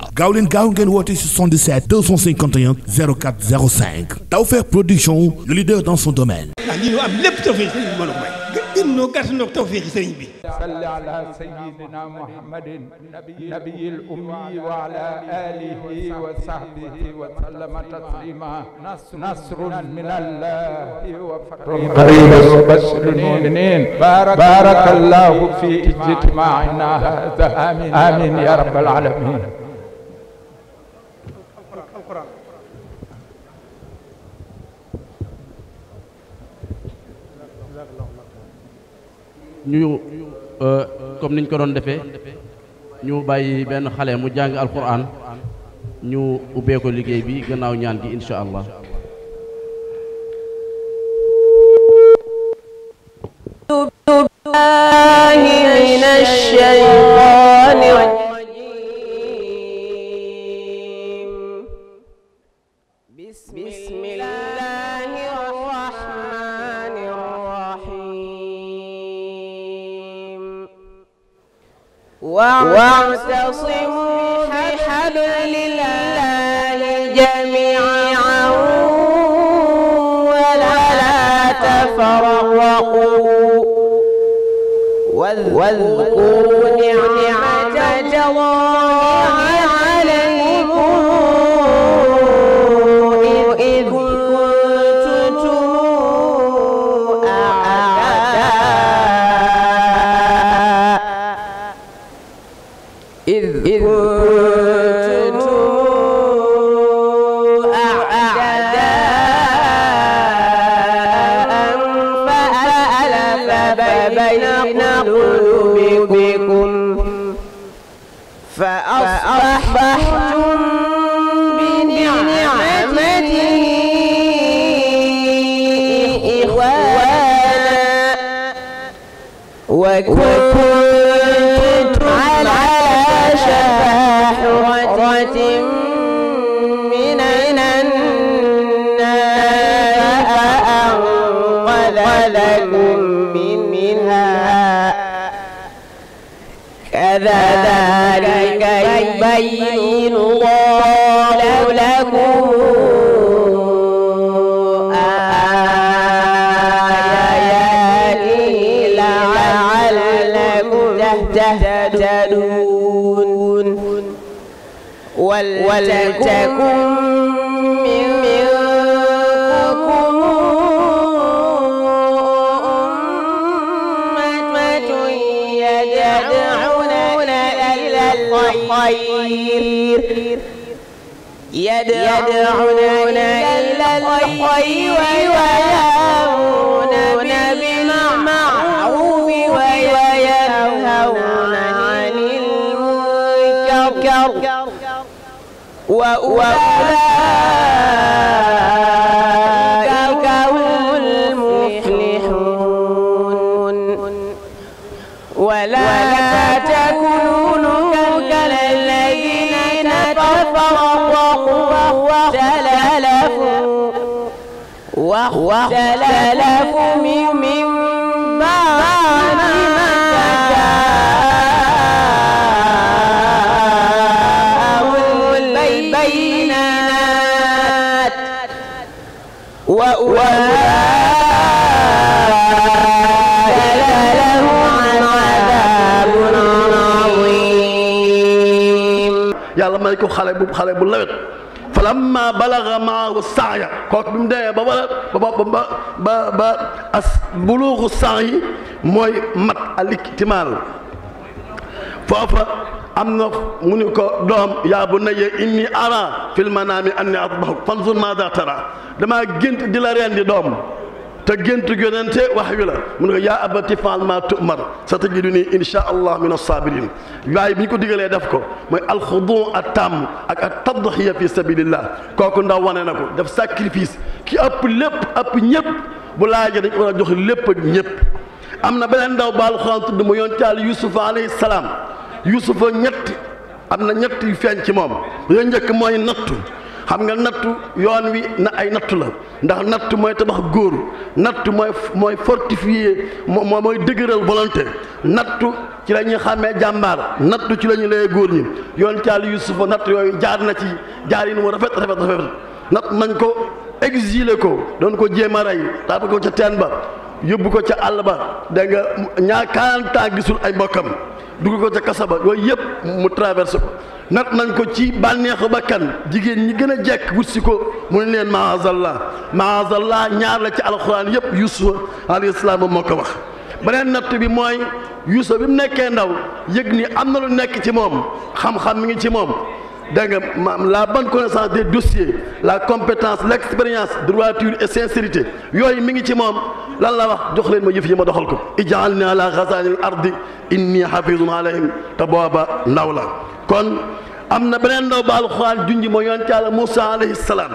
waaw gaaw leen gaaw ngeen woote 77 251 04 05 Tawfekh Production le leader dans son domaine. ah lii ñu am lépp tawfeex sëriñ bi mën a may. gën noo gàtt noo tawfeex sëriñ bi. salli ala sayyidina muhammadin nabiyil ummi wa ala alihi wa sahbihi wa sallama taslima nasrun min allahi wa fathun qaribun wa bashiril mu'minin barakallahu fi ijtima'ina hadha amin amin ya rabbal alamin ñu euh, niñ ko doon defee ñu bàyyi benn xale mu jàng alquran ñu ubbee liggéey bi gannaaw ñaan gi incha allah. واعتصموا بحبل الله جميعا ولا تفرقوا واذكروا نعمة الله لكم من منها كذلك يبين الله لكم آياته لعلكم تهتدون ولتكن الخير يدعون إلى الخير ويأمرون بالمعروف وينهون عن المنكر وأولئك هم المفلحون ولا واختلفوا من بعد ما جاءهم البينات وأولئك yàlla may ko xale bu xale bu lawet falamma balaga maahu saaya kooku bi demee ba bala ba ba ba as buluuxu saayi mooy mat al iktimaal am na mu ni ko doom yaa bu naye inni ara fil manaami anni asbahu fanzur maada tara damaa gént di la rendi doom te géntu yonente wax wi la mu ne ko yaa abati faal maa tumar sa tajiduni insha allah min assabirin waaye bi ñu ko digalee def ko mooy alxudu a tàmm ak a tadhiya fi sabilillah kooku ndaw wane na ko def sacrifice ki ëpp lépp ëpp ñëpp bu laajee dañ ko war a jox lépp ak ñëpp am na beneen ndaw ba alxuraan tudd mu yonent Yàlla yusufa alayhi salaam yusufa ñett am na ñett yu feeñ ci moom yoo njëkk mooy nattu xam nga nattu yoon wi na ay nattu la ndax natt mooy tabax góor nattu mooy mooy fortifier moo mooy dëgëral volonté nattu ci la ñuy xàmmee jàmbaar nattu ci la ñu góor ñi yoon ci Yàlla Yuusufa natt yooyu jaar na ci jaar yi mu rafet rafet rafet natt nañ ko exilé ko doon ko jéem a rey taata ko ca teen ba yóbbu ko ca àll ba dégg nga ñaa quarante gisul ay mbokkam dugg ko ca kasa ba yooyu yëpp mu traversé ko natt nañ ko ci bànneexu bakkan jigéen ñi gën a jekk wut si ko mu ne leen maazallah maazallah ñaar la ci alxuraan yëpp yusufa alayhi salaam moo ko wax beneen natt bi mooy yuusufa bi mu nekkee ndaw yëg ni am na lu nekk ci moom xam-xam mi ngi ci moom dégg nga la bonne connaissance des dossiers la compétence l'expérience droiture et sincérité yooyu mi ngi ci moom lan la wax jox leen ma yëf yi ma doxal ko ijalni ala xasaanil ardi inni xafizun alayhim te booba ndaw la kon am na beneen ndaw ba alxuraan junj ma yonent yàlla Moussa alayhi salaam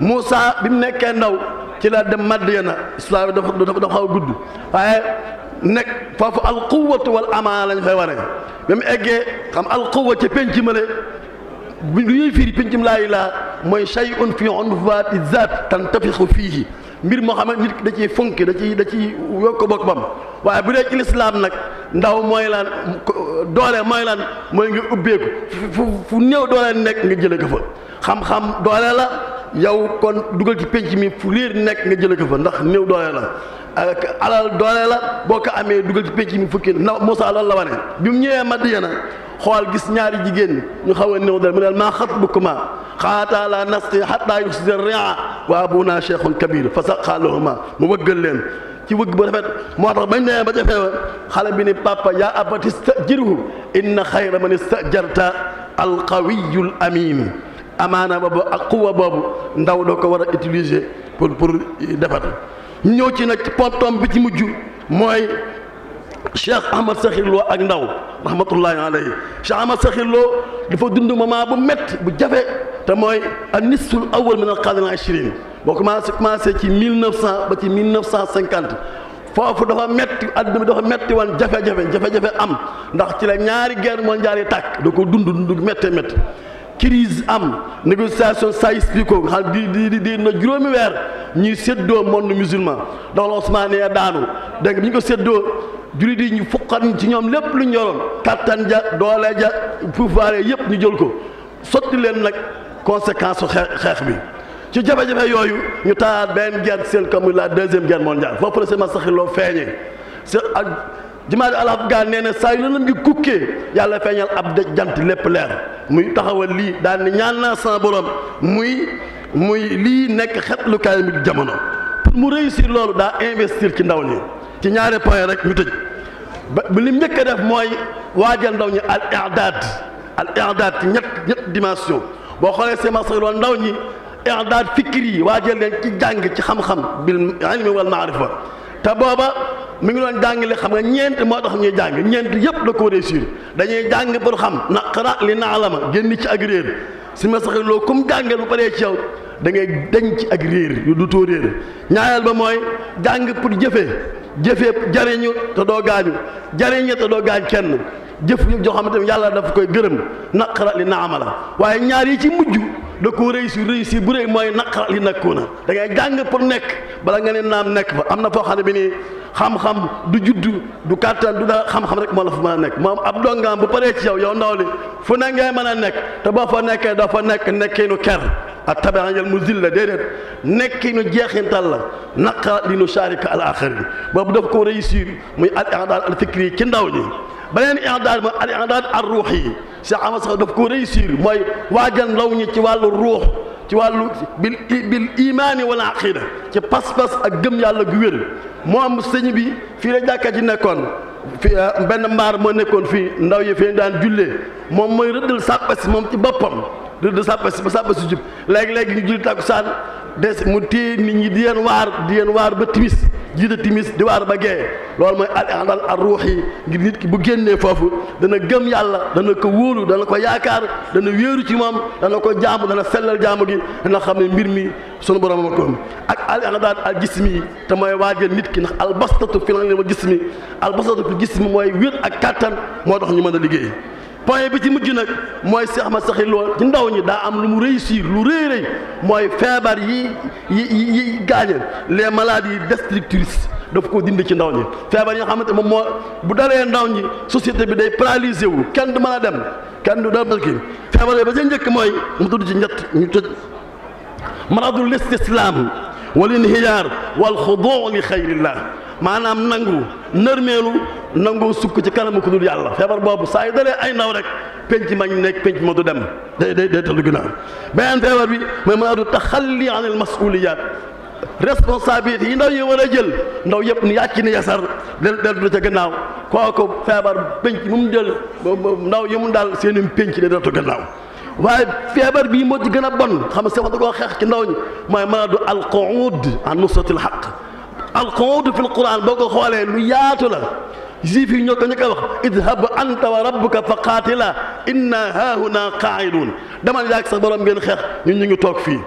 Moussa bi mu nekkee ndaw ci la dem Madyana histoire bi dafa dafa xaw gudd waaye nekk foofu alquwatu wal amaana lañ fay waree ba mu eggee xam alquwa ci penc male lu ñuy firi pencum laa ilaa mooy shay'un fi unfaati zaat tantafixu fiihi mbir moo xam ne nit da ciy fonki da ciy da ciy yokk boppam waaye bu dee ci lislaam nag ndaw mooy lan doole mooy lan mooy ngi ubbeeku fu fu néew doole nekk nga jële ko fa xam-xam doole la yow kon dugal ci penc mi fu réer nekk nga jële ko fa ndax néew doole la alal doole la boo ko amee dugal ci pénc mi fukki na Moussa loolu la wane bi mu ñëwee xool gis ñaari jigéen ñu xaw a néew dal mu ne maa xatbukuma xaataa laa nasqi xataa yusqi ria wa abuna cheikhun kabir fa saqaa lahuma mu wëggal leen ci wëgg bu rafet moo tax bañ demee ba ca feebar xale bi ni papa yaa abati stajirhu inna xayra man istajarta alqawiyul amin amaana boobu ak quwa boobu ndaw doo ko war a utilise pour pour defar ñëw ci nag pontom bi ci mujj mooy Cheikh Ahmad Sakhir Lo ak ndaw rahmatullahi alayhi Cheikh Ahmad Sakhir Lo dafa dund moment bu métti bu jafe te mooy a nisful awal min al qarn al ishrin boo commencé commencé ci mille neuf cent ba ci mille neuf cent cinquante foofu dafa metti àdduna bi dafa metti wan jafe-jafe jafe am ndax ci la ñaari guerre mondiale tàkk da ko dund dund méttee métti crise am négociation Sykes-Picot nga xam di di na juróomi weer ñuy séddoo monde musulman dox la Osmaniya daanu dégg nga bi ñu ko séddoo jullit yi ñu fuqan ci ñoom lépp lu ñu yoroon kattan ja doole ja pouvoir yépp ñu jël ko sotti leen nag conséquence xeex bi ci jafe-jafe yooyu ñu taal benn guerre seen comme la deuxième guerre mondiale foofu la seen masaxiloo feeñee jimaat al afghan nee na saa yu na gi kukkee yàlla feeñal ab de jant lépp leer muy taxawal lii daan ni ñaan naa sama borom muy muy lii nekk xetlu kaay mi jamono pour mu réussir loolu daa investir ci ndaw ñi ci ñaari point rek ñu tëj ba li njëkk a def mooy waajal ndaw ñi al i'dad al i'dad ci ñett ñett dimension boo xoolee semence loolu ndaw ñi i'dad fikir yi waajal leen ci jàng ci xam-xam bil ilmi wal maarifa te booba mi ngi doon jàngale xam nga ñeent moo tax ñuy jàng ñeent yëpp da koo réussir dañuy jàng pour xam naqara li naalama génn ci ak réer si ma saxee loo comme jàngal bu paree ci yow da ngay denc ak réer yu du too réer ñaareel ba mooy jàng pour jëfee jëfee jariñu te doo gaañu jariñu te doo gaañ kenn. jëf joo xamante ne yàlla dafa koy gërëm naqara li naama la waaye ñaar yi ci mujj da koo réussir réussir bu rëy mooy naqara li nekkoo na da ngay jàng pour nekk bala nga ne naam nekk fa am na foo xam ne bi nii xam-xam du judd du kàttan du daa xam-xam rek moo la fu mën a nekk moom ab dongaam bu paree ci yow yow ndaw li fu ne ngay mën a nekk te boo fa nekkee doo fa nekk nekkiinu ker ak tabaanjal mu zil la déedéet nekkiinu jeexintal la naqara li nu sharika al axir bi boobu daf ko réussir muy al i'dad al fikri ci ndaw ñi beneen indaad mooy al indaad ar ruux yi Cheikh a Sakho daf ko réussir mooy waajal ndaw ñi ci wàllu ruux ci wàllu bil bil imaani wala aqida ci pas-pas ak gëm yàlla gu wér moom sëñ bi fii la jàkka ji nekkoon fi ah, benn mbaar moo nekkoon fii ndaw yi fii daan jullee moom mooy rëddal sàppasi moom ci boppam du du sàppa si ba sàppa si jub léegi-léegi ñu julli takkusaan des mu téye nit ñi di leen waar di leen waar ba timis jiite timis di waar ba gee loolu mooy al andal ar ruux yi ngir nit ki bu génnee foofu dana gëm yàlla dana ko wóolu dana ko yaakaar dana wéeru ci moom dana ko jaamu dana sellal jaamu gi dana xam ne mbir mi sunu borom a ko ak al andal al jismi yi te mooy waajal nit ki ndax al bastatu fi la leen wa jismi al bastatu fi jismi mooy wér ak kàttan moo tax ñu mën a liggéey point bi ci mujj nag mooy Cheikh Ahmad Sakhir Lo ci ndaw ñi daa am lu mu réussir lu rëy rëy mooy feebar yi yi yi gaañe les maladies destructrices daf ko dindi ci ndaw ñi feebar yi nga moom moo bu dalee ndaw ñi société bi day paralysé wu kenn du mën a dem kenn du dal parce que feebar yi ba ca njëkk mooy mu tudd ci ñett ñu tëj maradul istislaam wal inhiyaar wal xuduu li xayrillah maanaam nangu nërmeelu nangu sukk ci kanamu ku dul yàlla feebar boobu saa yu dalee ay ndaw rek penc ma ñu nekk penc ma du dem day day day tëdd ginnaaw beneen feebar bi mooy mënaatu taxalli anil masuliyaat responsabilité yi ndaw yi war a jël ndaw yëpp ni yàcc ni yasar del dellu ca gannaaw kooku feebar penc mu mu jël ndaw yi mu daal seen penc day dellu gannaaw waaye feebar bii moo ci gën a bon xam nga sax da koo xeex ci ndaw ñi mooy mënaatu alquud an nusratil xaq alqoud fi lquran boo ko xoolee lu yaatu la juif yi ñoo ko njëkk a wax idhab anta wa rabbuka fa qaatila inna haahuna qaaidun demal yaag sax borom ngeen xeex ñun ñu ngi toog fii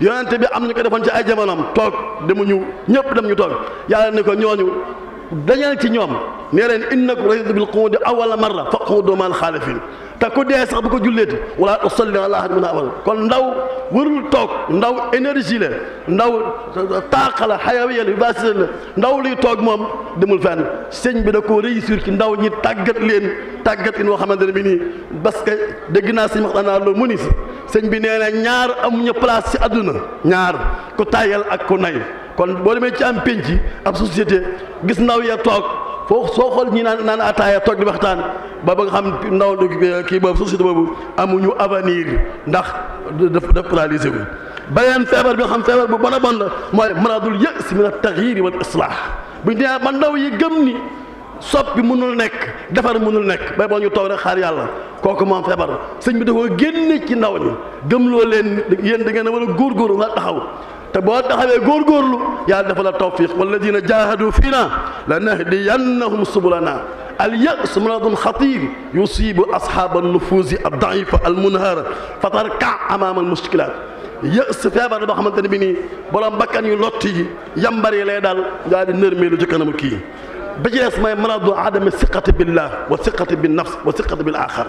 yonente bi am ñu ko defoon ci ay jamonoom toog demuñu ñëpp dem ñu toog yàlla ni ko ñooñu dañal ci ñoom nee leen innakum raditu bil quudi awala marra fa quudu mal xaalifin te ku dee sax bu ko julleeti wala usalli ala ahad min abada kon ndaw warul toog ndaw énergie la ndaw taaqa la xayawiya la vivacité la ndaw liy toog moom demul fenn sëñ bi da ko réussir ci ndaw ñi tàggat leen tàggat in woo xamante ne bi nii parce que dégg naa sëñ wax naa loolu mu si sëñ bi nee na ñaar amuñu place ci àdduna ñaar ku tayal ak ku nay kon boo demee ci am pénc ab société gis ndaw ya toog foo soo xool ñi naan naan ataaya toog di waxtaan ba ba nga xam ndaw kii boobu société boobu amuñu avenir ndax daf daf paralysé wu beneen feebar bi nga xam feebar bu bon a bon la mooy maradul yës min at-taghyiir wal islaah bu ñu nee man ndaw yi gëm ni soppi mënul nekk defar mënul nekk bay boo ñu toog rek xaar yàlla kooku moom feebar sëñ bi da koo génne ci ndaw ñi gëmloo leen yéen da ngeen a war a góorgóorlu nga taxaw te boo taxawee góorgóorlu yàlla dafa la tawfiq walladina jahadu fiina la nahdiyannahum subulana al yas maradun xatir yusibu ashaaba nufuusi ad daifa al munhara fatarka amaama al mushkilat yës feebar boo xamante ne bi nii borom mbakkan yu lott yi yambar yi lay daal daal di nërmee lu ci kanamu kii ba ci des mooy maradu adama siqati billah wa siqati bi nafs wa siqati bil axar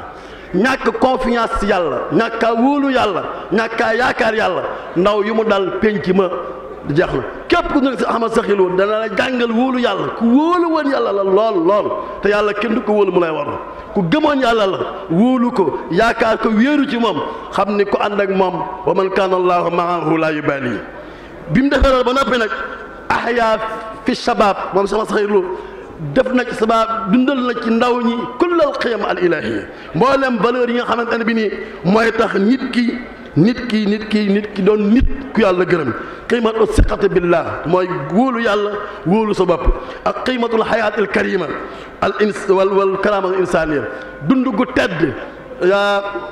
ñàkk confiance ci yàlla ñàkkaa wóolu yàlla ñàkkaa yaakaar yàlla ndaw yu mu dal penc ma jeex na képp ku nekk si Ahmad Saxiil woon dana la jàngal wóolu yàlla ku wóolu woon yàlla la lool lool te yàlla kenn du ko wóolu mu lay war ku gëmoon yàlla la wóolu ko yaakaar ko wéeru ci moom xam ni ku ànd ak moom wa man kaana allaahu maahu laa yubaali bi mu defaral ba noppi nag ahyaa fi shabaab moom sama saxir lu def na ci sabab dundal na ci ndaw ñi kullal xiyam al ilahiya mboolem valeur yi nga xamante ne bi nii mooy tax nit ki nit ki nit ki nit ki doon nit ku yàlla gërëm qiimatu siqati billah mooy wóolu yàlla wóolu sa bopp ak qiimatul xayaat al karima al ins wal wal karaama al insaniya dund gu tedd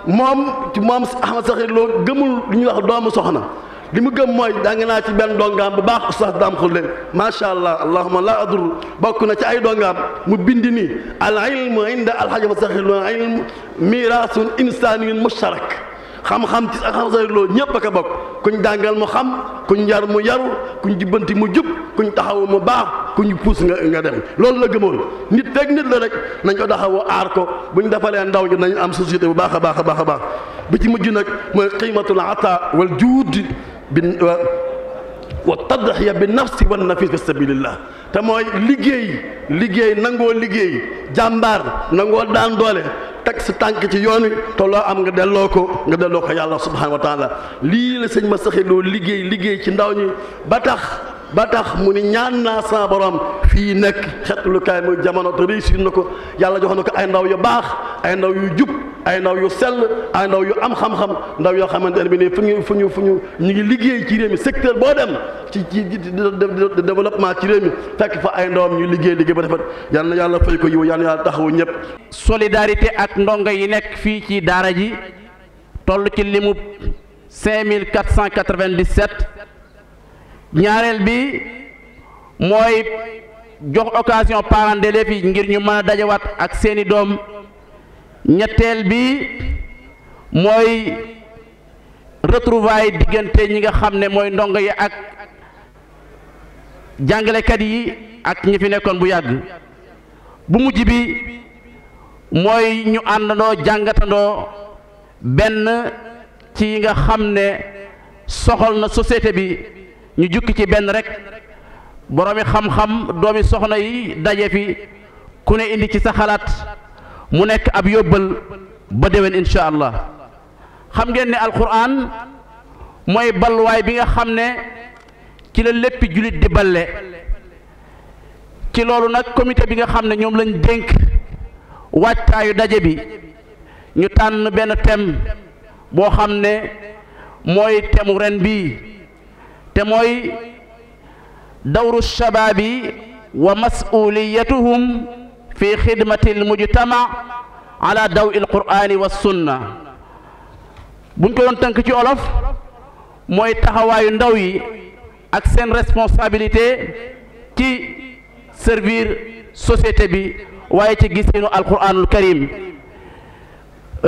moom ci moom Ahmad Saxir gëmul lu ñuy wax doomu soxna li mu gëm mooy jàng naa ci benn dongaam bu baax oustaz daam xulle macha allah allahuma la adur bokk na ci ay dongaam mu bind ni al ilmu inda alxaja fasaxirlo ilm mirasun insaniyun mushtarak xam-xam ci xam saxirloo ñépp a ko bokk kuñ dàngal mu xam kuñ yar mu yaru kuñ jubbanti mu jub kuñ taxawu mu baax kuñ puus nga nga dem loolu la gëmoon nit teg nit la rek nañ ko taxawu aar ko buñ defalee ndaw ñi nañ am société bu baax a baax a baax a baax bi ci mujj nag mooy qiimatul ata wal juud bi wa tadxiya bi nafsi wa nafis fi sabilillah te mooy liggéey liggéey nangoo liggéey jàmbaar nangoo daan doole teg si tànk ci yoon wi te loo am nga delloo ko nga delloo ko yàlla subhanahu wa taala lii la sëñ ma saxiloo liggéey liggéey ci ndaw ñi ba tax ba tax mu ni ñaan naa sa borom fii nekk xetlukaay muy jamono te réussir na ko yàlla jox na ko ay ndaw yu baax ay ndaw yu jub ay ndaw yu sell ay ndaw yu am xam-xam ndaw yoo xamante ne bi ne fu ñu fu ñu fu ñu ñu ngi liggéey ci réew mi secteur boo dem ci ci développement ci réew mi fekk fa ay ndawam ñu liggéey liggéey ba defat yal na yàlla fay ko yiw yal na yàlla taxawu ñëpp. solidarité ak ndongo yi nekk fii ci daara ji toll ci limu 5497. ñaareel bi mooy jox occasion parents d'élèves ngir ñu mën dajawaat ak seeni doom ñetteel bi mooy retrouvailles diggante ñi nga xam ne mooy ndongo yi ak jàngalekat yi ak ñi fi nekkoon bu yàgg bu mujj bi mooy ñu àndandoo jàngatandoo benn ci yi nga xam ne soxal na société bi ñu jukki ci benn rek boroomi xam-xam doomi soxna yi daje bi ku ne indi ci sa xalaat mu nekk ab yóbbal ba déwén incha allah xam ngeen ne alquran mooy balluwaay bi nga xam ne ci la léppi jullit di balle ci loolu nag comité bi nga xam ne ñoom lañ dénk wàcctaayu daje bi ñu tànn benn thème boo xam ne mooy temu ren bi te mooy dawru shababi wa masuliyatuhum fi xidmati almujtama ala daw il qur'ani wa sunna buñ ko doon tënk ci olof mooy taxawaayu ndaw yi ak seen responsabilité ci servir société bi waaye ci giseenu alquranul karim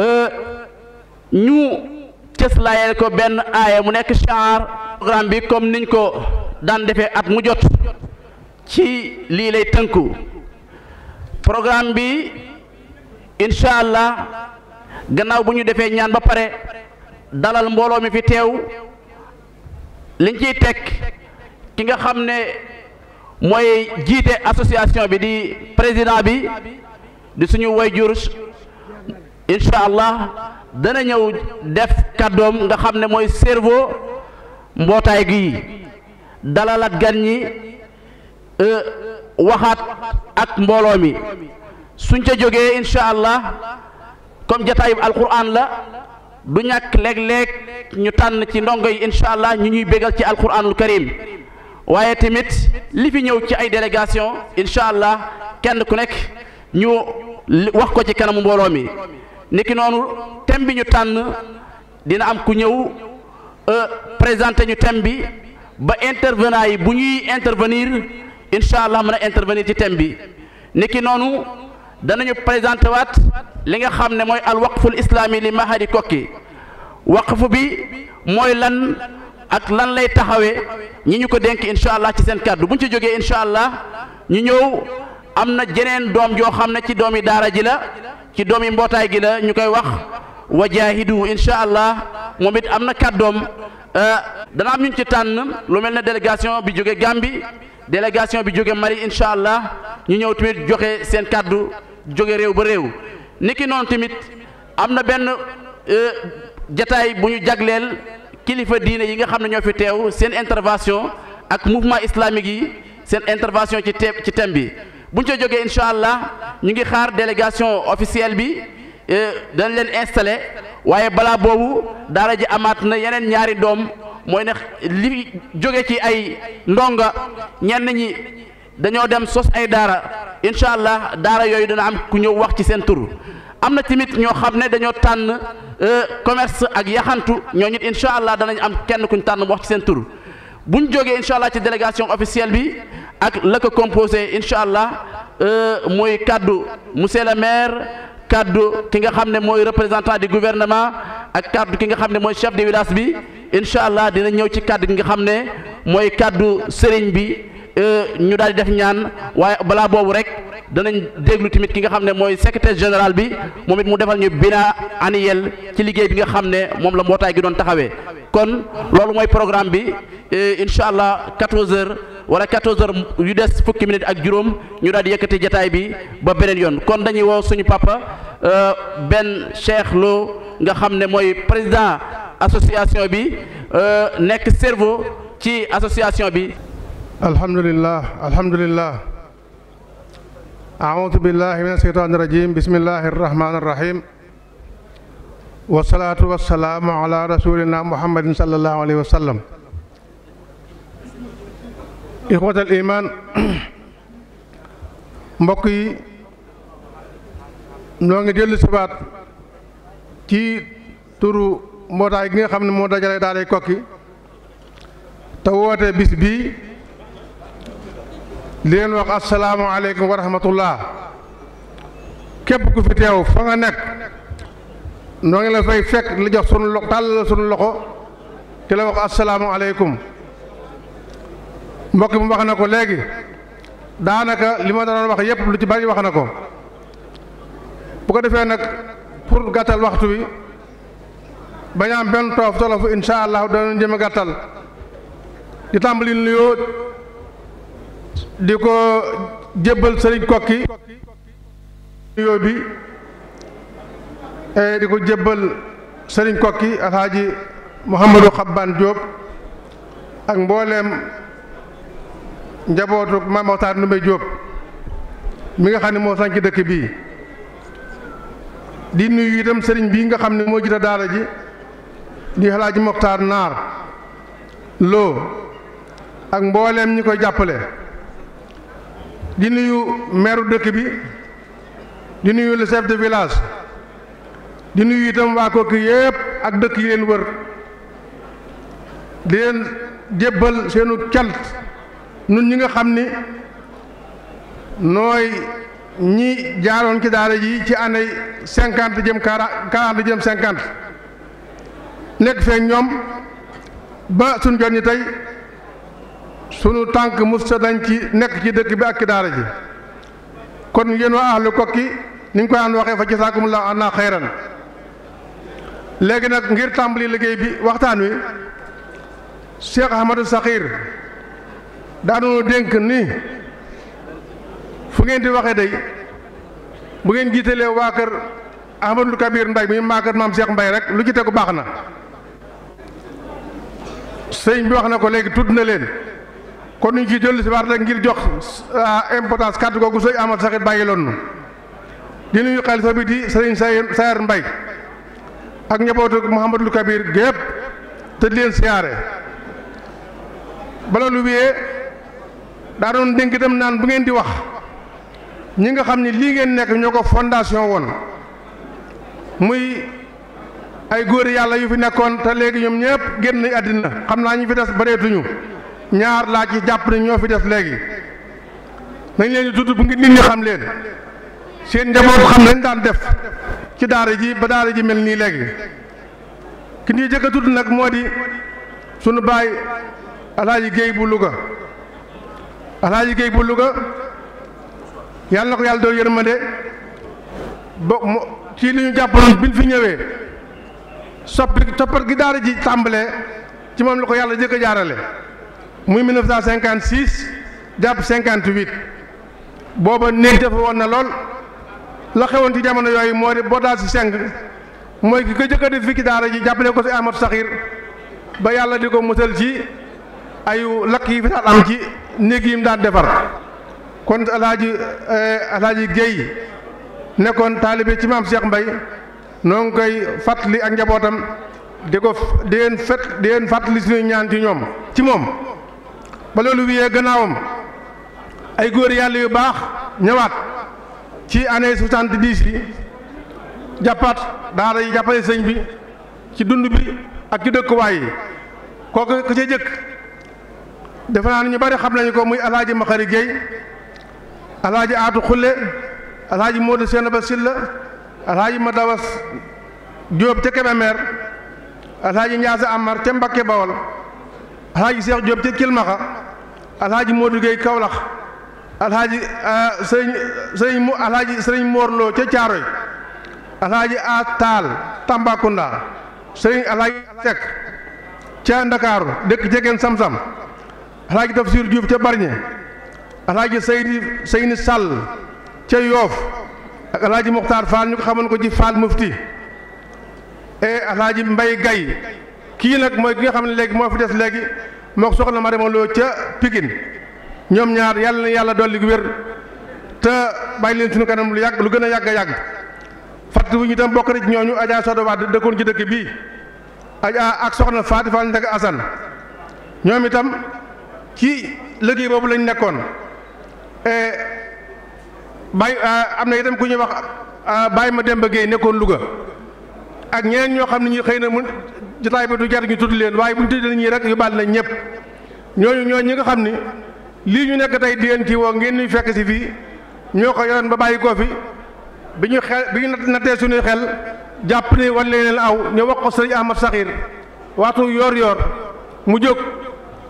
euh, ñu cëslaayal ko benn aaya mu nekk chaar programme bi comme niñ ko daan defee at mu jot ci lii lay tënku programme bi incha allah gannaaw bu ñu defee ñaan ba pare dalal mbooloo mi fi teew liñ ciy teg ki nga xam ne mooy jiite association bi di président bi di suñu wayjur incha allah dana ñëw def kàddoom nga xam ne mooy cerveau mbootaay gi dalalaat gan ñi e, waxaat ak mbooloo mi suñ ca jógee incha allah comme jataayub alquran la du ñàkk léeg-léeg ñu tànn ci ndongo yi incha allah ñu ñuy bégal ci alquranul karim waaye tamit li fi ñëw ci ay délégation incha allah kenn ku nekk ñu wax ko ci kanamu mbooloo mi niki noonu thème bi ñu tànn dina am ku ñëw euh, présenté ñu thème bi ba intervenant yi bu ñuy intervenir incha allah mën a intervenir ci thème bi niki noonu danañu présenté waat li nga xam ne mooy al waqful islami li mahadi kokki waqfu bi mooy lan ak lan lay taxawee ñi ñu ko denk incha allah ci seen kàddu bu ñu ci jógee incha allah ñu ñëw am na jeneen doom joo xam ne ci doomi daara ji la ci yi mbootaay gi la ñu koy wax wajaahidu incha allah moom it am na kàddoom euh, dana am ñu ci tànn lu mel ne délégation bi jóge Gambie délégation bi jóge Mali incha allah ñu ñëw tamit joxe seen kàddu jóge réew ba réew niki noonu tamit am na benn euh, jataay bu ñu jagleel kilifa diine yi nga xam ne ñoo fi teew seen intervention ak mouvement islamique yi seen intervention ci thème ci thème bi buñ ca jógee incha allah ñu ngi xaar délégation officielle bi eh, dañ leen installé waaye balaa boobu daara ji amaat na yeneen ñaari doom mooy ne li jóge ci ay ndonga ñenn ñi dañoo dem sos ay daara incha allah daara yooyu dana am ku ñëw wax ci seen tur am na tamit ñoo xam ne dañoo tànn eh, commerce ak yaxantu ñoo ñit incha allah danañ am kenn ku ñu tànn wax ci seen tur buñ jógee incha allah ci délégation officielle bi ak la ko composé incha allah euh, mooy kaddu monsieur le maire kaddu ki nga xam ne mooy représentant du gouvernement ak kaddu ki nga xam ne mooy chef de village bi incha allah dina ñëw ci kaddu ki nga xam ne mooy kaddu sëriñ bi. Euh, ñu daal def ñaan waaye balaa boobu rek danañ déglu tamit ki nga xam ne mooy secretaire général bi moom it mu defal ñu bilan annuel ci liggéey bi nga xam ne moom la mbootaay gi doon taxawee kon loolu mooy programme bi euh, incha allah 14 heures wala 14 heures yu des fukki minutes ak juróom ñu daal di yëkkati jataay bi ba beneen yoon kon dañuy woo suñu papa euh, benn Cheikh Lo nga xam ne mooy président association bi nekk cerveau ci association bi. الحمد لله الحمد لله أعوذ بالله من الشيطان الرجيم بسم الله الرحمن الرحيم والصلاة والسلام على رسولنا محمد صلى الله عليه وسلم إخوة الإيمان mbokk yi ñoo ngi dellu sibaat ci turu mbootaay gi nga xam ne moo dajale daal di kokki te woote bis bii li leen wax asalaamaaleykum wa rahmatullah képp ku fi teew fa nga nekk noo ngi la fay fekk li jox sunu loxo tàllal sunu loxo te la wax asalaamaaleykum mbokk mu wax na ko léegi daanaka li ma doon wax yépp lu ci bari wax na ko bu ko defee nag pour gàttal waxtu wi bañ am benn toof tolofu incha allah danañ jëm a gàttal di tàmbali nuyoo di ko jébbal sëriñ kokki nuyoo bi eh, di ko jébbal sëriñ kokki alxaaji Mouhamadou Xabbaan Diop ak mbooleem njabootu Maam Maxtaar Ndumbe Diop mi nga xam ne moo sanc dëkk bii di nuyu itam sëriñ bii nga xam ne moo jiite daara ji di alxaaji Moxtaar Naar Lo ak mbooleem ñu koy jàppale di nuyu maire dëkk bi di nuyu le chef de village di nuyu itam waa Koki yépp ak dëkk yi leen wër di leen jébbal seenu cant nun ñi nga xam ni nooy ñi jaaroon ci daara ji ci année cinquante jëm quarante jëm cinquante nekk fee ñoom ba suñ jot tey sunu tànk musta dañ ci nekk ci dëkk bi ak ci ji kon yéen waa ahlu kokki ni ñu koy aan waxee fa jazaakumullaahu anna xayran léegi nag ngir tàmbali liggéey bi waxtaan wi Cheikh Ahmadou Sakhir daanoo dénk ni fu ngeen di waxee day bu ngeen jiitalee waa kër Ahmadul Kabir Mbay mi maa kër maam Cheikh Mbay rek lu ci tegu baax na sëñ bi wax na ko léegi tudd na leen kon ñu ci dellu si waat rek ngir jox euh, importance kàddu googu sëñ amal Saxit bàyyi loon nu di nuyu xalifa bi di sëriñ Sayar Mbay ak njabootu Mouhamadul Kabir gépp te di leen siyaare ba loolu wiyee daa doon dénk dem naan bu ngeen di wax ñi nga xam ni lii ngeen nekk ñoo ko fondation woon muy ay góor yàlla yu fi nekkoon te léegi ñoom ñëpp génn àddina xam naa ñu fi des bareetuñu ñaar laaj yi jàpp nañ ñoo fi def léegi nañ leen di tudd bu ngi nit ñi xam leen seen njaboot xam nañ daan def ci daara ji ba daara ji mel nii léegi ki ñuy jëkk a tudd nag moo di sunu baay alaaji géej bu Louga alaaji géey bu Louga yàlla na ko yàlla doo yërmande ba mu ci li ñu jàppaloon bi ñu fi ñëwee soppi toppat gi daara ji tàmbalee ci moom la ko yàlla jëkk a jaarale muy 1956 jàpp 58 booba néeg dafa woon na lool la xewoon ci jamono yooyu moo di boo seng mooy ki ko jëkk a daara ji jàppale ko si Ahmad Saxiir ba yàlla di ko musal ci ayu lakk yi fi am ci néeg yi mu daan defar kon alaaji eh, alaaji Géey nekkoon taalibe ci maam Cheikh Mbay noo ngi koy fàttali ak njabootam di ko di fet di leen fàttali suñuy ñaan ci ñoom ci moom ba loolu wiyee gannaawam ay góor yàlla yu baax ñawaat ci année soixante-dix yi jàppaat daara yi jàppale sëñ bi ci dund bi ak ci dëkkuwaay yi kooku ku ca jëkk defe naa ne ñu bari xam nañu ko muy alaaji Maxari Géey alaaji Aatu Xulle alaaji Moodu Seen Ba Silla alaaji Madawas Jóob ca Kebemer alaaji Njaasa Amar ca Mbakke Bawol alaaji Seex Jóob ca Kilmaxa alhaaji Modou Gueye kawlax alhaaji euh, sëriñ sëriñ mu sëriñ Morlo ca Caaroy alhaaji A Taal Tambacounda sëriñ alhaaji Seck ca Ndakaaru dëkk jegeen Samsam alhaaji Tafsir Diouf ca Barñe alhaaji Seydi Seyni Sall ca Yoof ak alhaaji Mokhtar Fall ñu ko xamoon ko ci Fall Mufti e alhaaji Mbay Gay kii nag mooy ki nga xam ne léegi moo fi des léegi mook soxna Marème Lo ca Pikine ñoom ñaar yàlla na yàlla dolli wér te bàyyi leen suñu kanam lu yàgg lu gën a yàgg a yàgg fàttali ñu tam bokk ci ñooñu Adja Sodo Ba dëkkoon ci dëkk bii Adja ak soxna Faati Fall Ndege Assane ñoom itam ci liggéey boobu lañ nekkoon e, bàyyi e, am na itam ku ñuy wax e, bàyyi ma Demba Gueye nekkoon Louga. ak ñeneen ñoo xam ne ñu xëy na mun jotaay bi du jar ñu tudd leen waaye bu ñu tuddee ñii rek bal nañ ñëpp ñooñu ñoo ñi nga xam ni lii ñu nekk tey di leen woo ngeen ñuy fekk si fii ñoo ko yoroon ba bàyyi koo fi bi ñu xel bi ñu nattee suñuy xel jàpp ni wan leen aw ñu wax ko sëriñ Ahmad Saxiir waxtu yoor yor mu jóg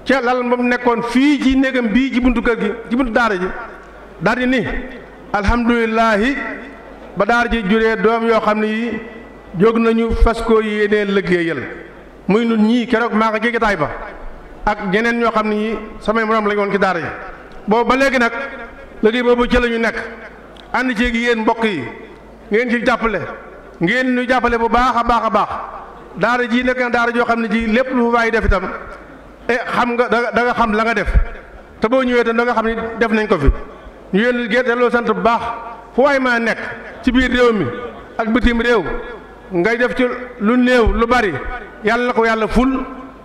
ca lal ba mu nekkoon fii ci néegam bii ci buntu kër gi ci buntu daara ji daal di ni alhamdulilahi ba daara ji juree doom yoo xam ne yi jóg nañu fas koo yéenee liggéeyal muy nun ñii keroog maa ko jégataay ba ak ñeneen ñoo xam ne ñi samay morom lañu ci daara yi boobu ba léegi nag liggéey boobu ci la ñu nekk ànd ceeg yéen mbokk yi ngeen ci jàppale ngeen ñu jàppale bu baax a baax a baax daara ji nekk na daara joo xam ne ji lépp lu fa waay def itam e xam nga da nga xam la nga def te boo ñëwee itam da nga xam ne def nañ ko fi ñu yéen gerte loo sant bu baax fu waay maa nekk ci biir réew mi ak bitim réew ngay def ci lu néew lu bari yàlla na ko yàlla ful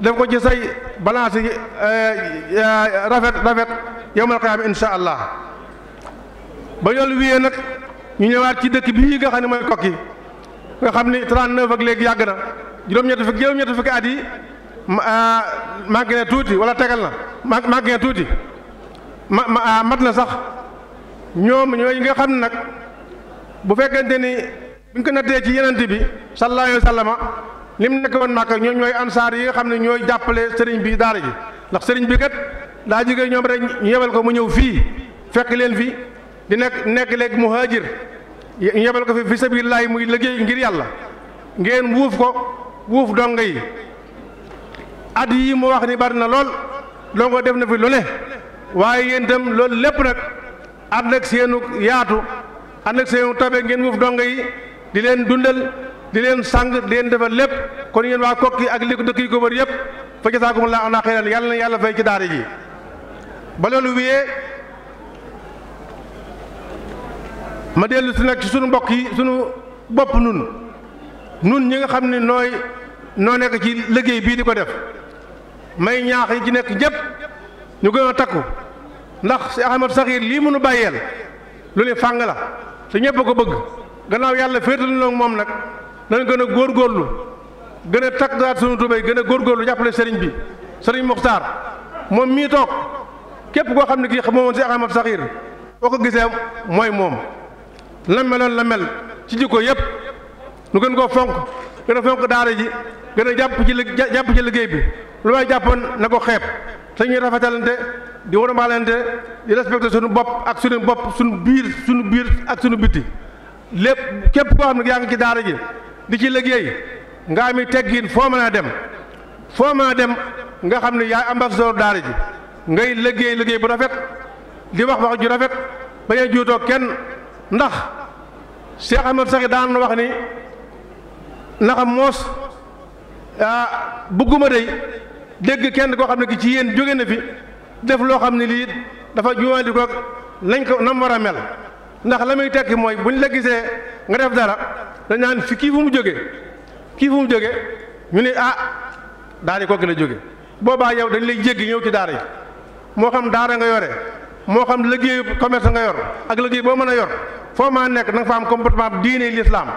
def ko ci say balance yi eh, eh, rafet rafet yowmal qiyaam insha allah ba loolu wiyee nag ñu ñëwaat ci dëkk bii nga xam ne mooy kokki nga xam ni 39 ak léegi yàgg na juróom-ñetti fukki juróom-ñetti fukki at yi ah, manqué na tuuti wala tegal na manqué na tuuti ma ah, mat na sax ñoom ñooy nga xam nag bu fekkente ni. bu ñu ko nattee ci yenente bi sallallahu alayhi wa li mu nekk woon Màkka ñoom ñooy ansaar yi xam ne ñooy jàppale sëriñ bi daara ji ndax sëriñ bi kat daa jógee ñoom rek ñu yebal ko mu ñëw fii fekk leen fi di nekk nekk léegi muhaajir ñu yebal ko fi fi lay muy liggéey ngir yàlla ngeen wuuf ko wuuf donga yi at yii mu wax ni bari na lool dongo def na fi lu ne waaye yéen itam loolu lépp nag ànd ak yaatu ànd ak ngeen wuuf donga yi di leen dundal di leen sàng di leen defal lépp kon yéen waa kokki ak li ko dëkk ko wër yëpp fa jasaakum laa ana xayran yàlla na yàlla fay ci daara ji ba loolu wiyee ma dellu si nag ci sunu mbokk yi sunu bopp nun nun ñi nga xam ne nooy noo nekk ci liggéey bii di ko def may ñaax yi ci nekk ñëpp ñu gën a takku ndax si Ahmad Saxiir lii mënu bàyyeel lu ne fàng la te ñëpp ko bëgg gannaaw yàlla féetal na moom nag na gën a góorgóorlu gën a takkaat sunu tubéy gën a góorgóorlu jàppale sëriñ bi sëriñ Muxtaar moom mii toog képp koo xam ne kii moomoon si Ahmad Saxiir boo ko gisee mooy moom la meloon la mel ci jikko yëpp nu gën koo fonk gën a fonk daara ji gën jàpp ci jàpp ci liggéey bi lu may jàppoon na ko xeeb te ñuy rafetalante di war a di respecté sunu bopp ak suñu bopp suñu biir suñu biir ak sunu bitti lépp képp koo xam ne yaa ngi ci daara ji di ci liggéey nga ami teggin foo mën a dem foo mën a dem nga xam ne yaay ambassadeur daara ji ngay liggéey liggéey bu rafet di wax wax ju rafet bañ a juutoo kenn ndax Cheikh Ahmed Saxi daan na wax ni naxam moos ah bugguma day dégg kenn koo xam ne ki ci yéen jóge na fi def loo xam ne lii dafa juwandi ko nañ ko nam war a mel ndax la muy tekki mooy bu ñu la gisee nga def dara dañ naan fi kii fu mu jóge kii fu mu jógee ñu ne ah di kooku la jóge boobaa yow dañ lay jéggi ñëw ci daar yi moo xam daara nga yore moo xam liggéeyu commerce nga yor ak liggéey boo mën a yor foo ma nekk nanga fa am comportement diine l'islam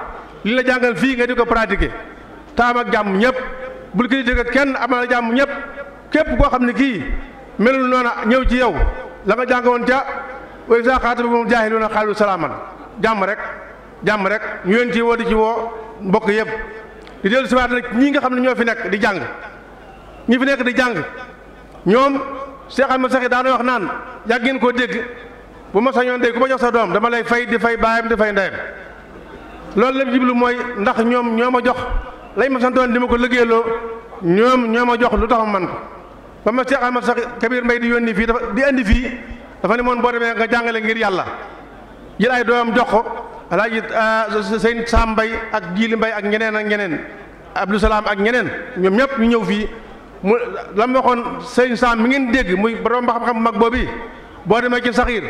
li la jàngal fii nga di ko pratiquer taam ak jàmm ñëpp bul ki jóge kenn amal jàmm ñëpp képp koo xam ne kii melul noona ñëw ci yow la nga jàng ca wa isa na jaahiluuna qaalu salaaman jàmm rek jàmm rek ñu leen ci woo di ci woo mbokk yëpp di dellu siwaat nag ñii nga xam ne ñoo fi nekk di jàng ñi fi nekk di jàng ñoom Cheikh ma Saxi daana wax naan yàgg koo dégg bu ma sañoon dégg ku ma jox sa doom dama lay fay di fay baayam di fay ndeyam loolu lañ jiblu mooy ndax ñoom ñoo ma jox lañ ma santoon di ma ko liggéeyloo ñoom ñoo ma jox lu tax man ko ba ma Cheikh Ahmed Saxi Kabir Mbay di yónni fii dafa di andi fii dafa ne moon boo demee nga jàngale ngir yàlla jël ay doomam jox ko alaaji euh, sëñ Sam Mbay ak Jiili Mbay ak ñeneen ak ñeneen Abdou Salaam ak ñeneen ñoom ñëpp ñu ñëw fii mu lam waxoon sëñ Sam mi ngeen dégg muy borom ba xam-xam mag boobu boo demee ci saxiir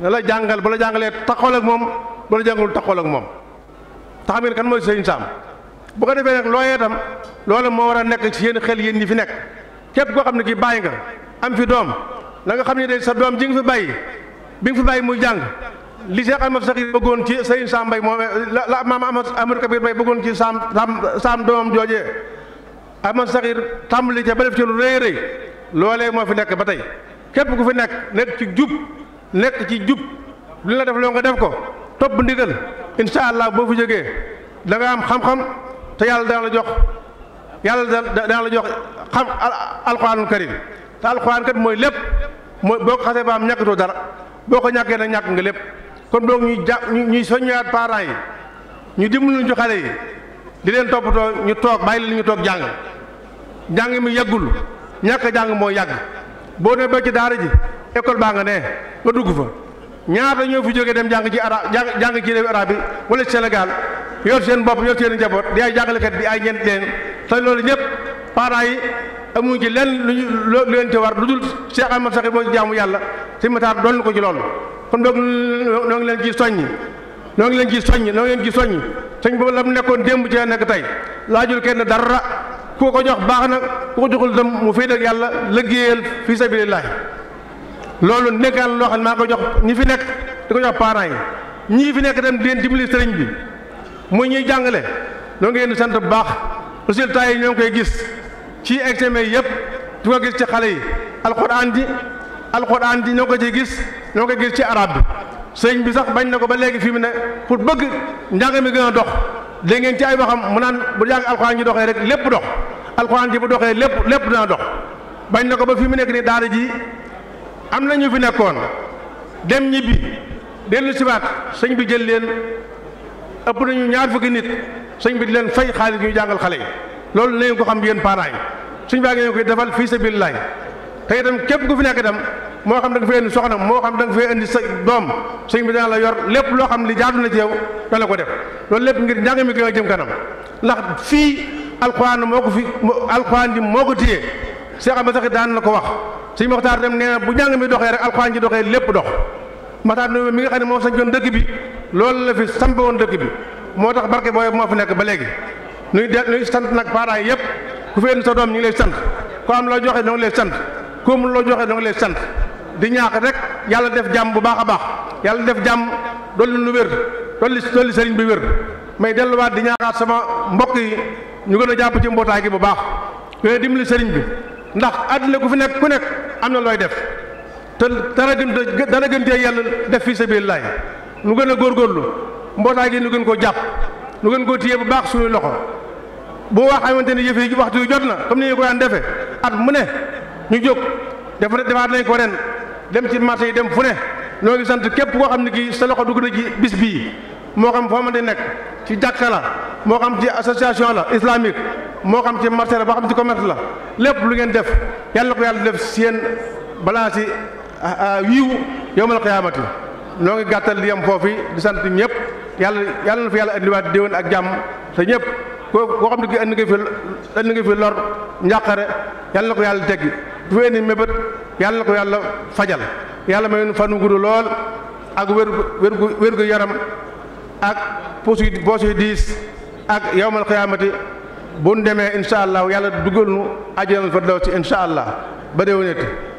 na la jàngal ba la jàngalee taxawal ak moom ba la jàngul taxawal ak moom taxam ngeen kan mooy sëñ saam bu ko defee nag looyee itam loolu moo war a nekk ci yenn xel yéen yi fi nekk képp koo xam ne kii bàyyi nga am fi doom la nga xam ne de sa doom ji nga fi bàyyi bi nga fi bàyyi muy jàng li Cheikh Ahmad Sakhir bëggoon ci sa Sam Mbaye moom la la maam Amadou Kabir Mbaye bëggoon ci Sam Sam doomam joojee Ahmad ca ba def ci lu rëy rëy loolee moo fi nekk ba tey képp ku fi nekk nekk ci jub nekk ci jub li la def loo nga def ko topp ndigal incha allah boo fi jógee da nga am xam-xam te yàlla dana la jox yàlla dana la jox xam alquranul karim te alxuraan kat mooy lépp mooy boo ko xasee ba am ñàkkatoo dara boo ko ñàkkee nag ñàkk nga lépp kon boog ñuy jàpp ñuy soññaat parents yi ñu dimbaluñu ci xale yi di leen toppatoo ñu toog bàyyi la ñu toog jàng jàng mi yàggul ñàkk jàng mooy yàgg boo ne ba ci daara ji école baa nga ne nga dugg fa ñaata ñoo fi jógee dem jàng ci arab jàng ci réew arab bi wala Sénégal yor seen bopp yor seen njaboot di ay jàngalekat di ay ñeent leen te loolu ñëpp parents yi amuñu ci lenn lu ñu leen ci war lu dul Cheikh Ahmad Saxir moo ci jaamu yàlla sëñ Mataar doon ko ci loolu kon boog noo ngi leen ciy soññi noo ngi leen ciy soññi noo ngi leen ciy soññi sëñ boobu la mu nekkoon démb ci la nekk tey laajul kenn dara ku ko jox baax na ku ko joxul itam mu fay dëgg yàlla liggéeyal fi sabilillahi loolu nekkaan loo xam ne maa ko jox ñi fi nekk di ko jox parents yi ñii fi nekk itam di leen dimbali sëriñ bi muy ñuy jàngale noo ngi leen di sant bu baax résultat ñoo ngi koy gis ci examen yëpp du ko gis ci xale yi alxuraan ji alxuraan ji ñoo ko ci gis ñoo ko gis ci arab bi sëñ bi sax bañ na ko ba léegi fi mu ne pour bëgg njàng mi gën a dox dégg ngeen ci ay xam mu naan bu jàng alxuraan ji doxee rek lépp dox alxuraan ji bu doxee lépp lépp dina dox bañ na ko ba fi mu nekk nii daara ji am na ñu fi nekkoon dem ñibbi dellu siwaat sëñ bi jël leen ëpp nañu ñaar fukki nit sëñ bi di leen fay xaalis ñu jàngal xale yi loolu na ngeen ko xam yéen parents yi suñ baa ngeen koy defal fii sa sabilillah te itam képp ku fi nekk itam moo xam da nga fee indi soxna moo xam da nga fee indi sa doom sëñ bi la yor lépp loo xam li jaadu na ci yow da ko def loolu lépp ngir njàng mi gën a kanam ndax fii alxuraan moo ko fi alxuraan ji moo ko téye Cheikh Ahmed Sakhi daan na ko wax sëñ Moxtaar dem nee na bu njàng mi doxee rek alxuraan ji doxee lépp dox Moxtaar no mi nga xam ne moo sañ joon dëkk bi loolu la fi samp woon dëkk bi moo tax barke booy moo fi nekk ba léegi nuy de nuy sant nag parents yëpp ku fi indi sa doom ñu ngi lay sant ku am loo joxe ñoo ngi lay sant ku loo joxe ñoo ngi sant di ñaax rek yàlla def jàmm bu baax a baax yàlla def jàmm dolli nu wér dolli dolli sëriñ bi wér may delluwaat di ñaaxaat sama mbokk yi ñu gën a jàpp ci mbootaay gi bu baax yooyu dimbali sëriñ bi ndax àddina ku fi nekk ku nekk am na looy def te dara gën dara gën cee yàlla def fii sabilillah nu gën a góorgóorlu mbootaay gi nu gën koo jàpp nu gën koo téye bu baax suñuy loxo boo waa xamante ne yëf yi waxtu yu jot na comme ni ñu ko daan defe at mu ne ñu jóg def defaat nañ ko ren dem ci marché yi dem fu ne noo ngi sant képp koo xam ne kii sa loxo dugg na ci bis bii moo xam foo xamante nekk ci jàkka la moo xam ci association la islamique moo xam ci marché la boo xam ci commerce la lépp lu ngeen def yàlla na ko yàlla def seen balance yi wiiw yowmal qiyaamati noo ngi gàttal yem foofu di sant ñëpp yàlla yàlla na fi yàlla indiwaat déwén ak jàmm te ñëpp koo koo xam ne kii andi nga fi andi nga fi lor njàqare yàlla na ko yàlla teggi du fi indi mébét yàlla ko yàlla fajal yàlla may nu fanu gudd lool ak wér wér gu wér gu yaram ak poos yi boos yi diis ak yawmal xiyaamati bu nu demee incha allah yàlla dugal nu àjjana fa daw ci incha allah ba déwénati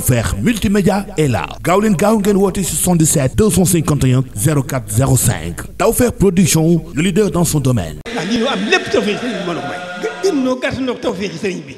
Tawfekh multimédia est là gaaw leen gaaw ngeen woote 77 251 04 05 Tawfekh production le leader dans son domaine. ndax ah, lii am lépp tawfeex sëriñ bi mën a may. gën noo gàtt noo tawfeex sëriñ bi.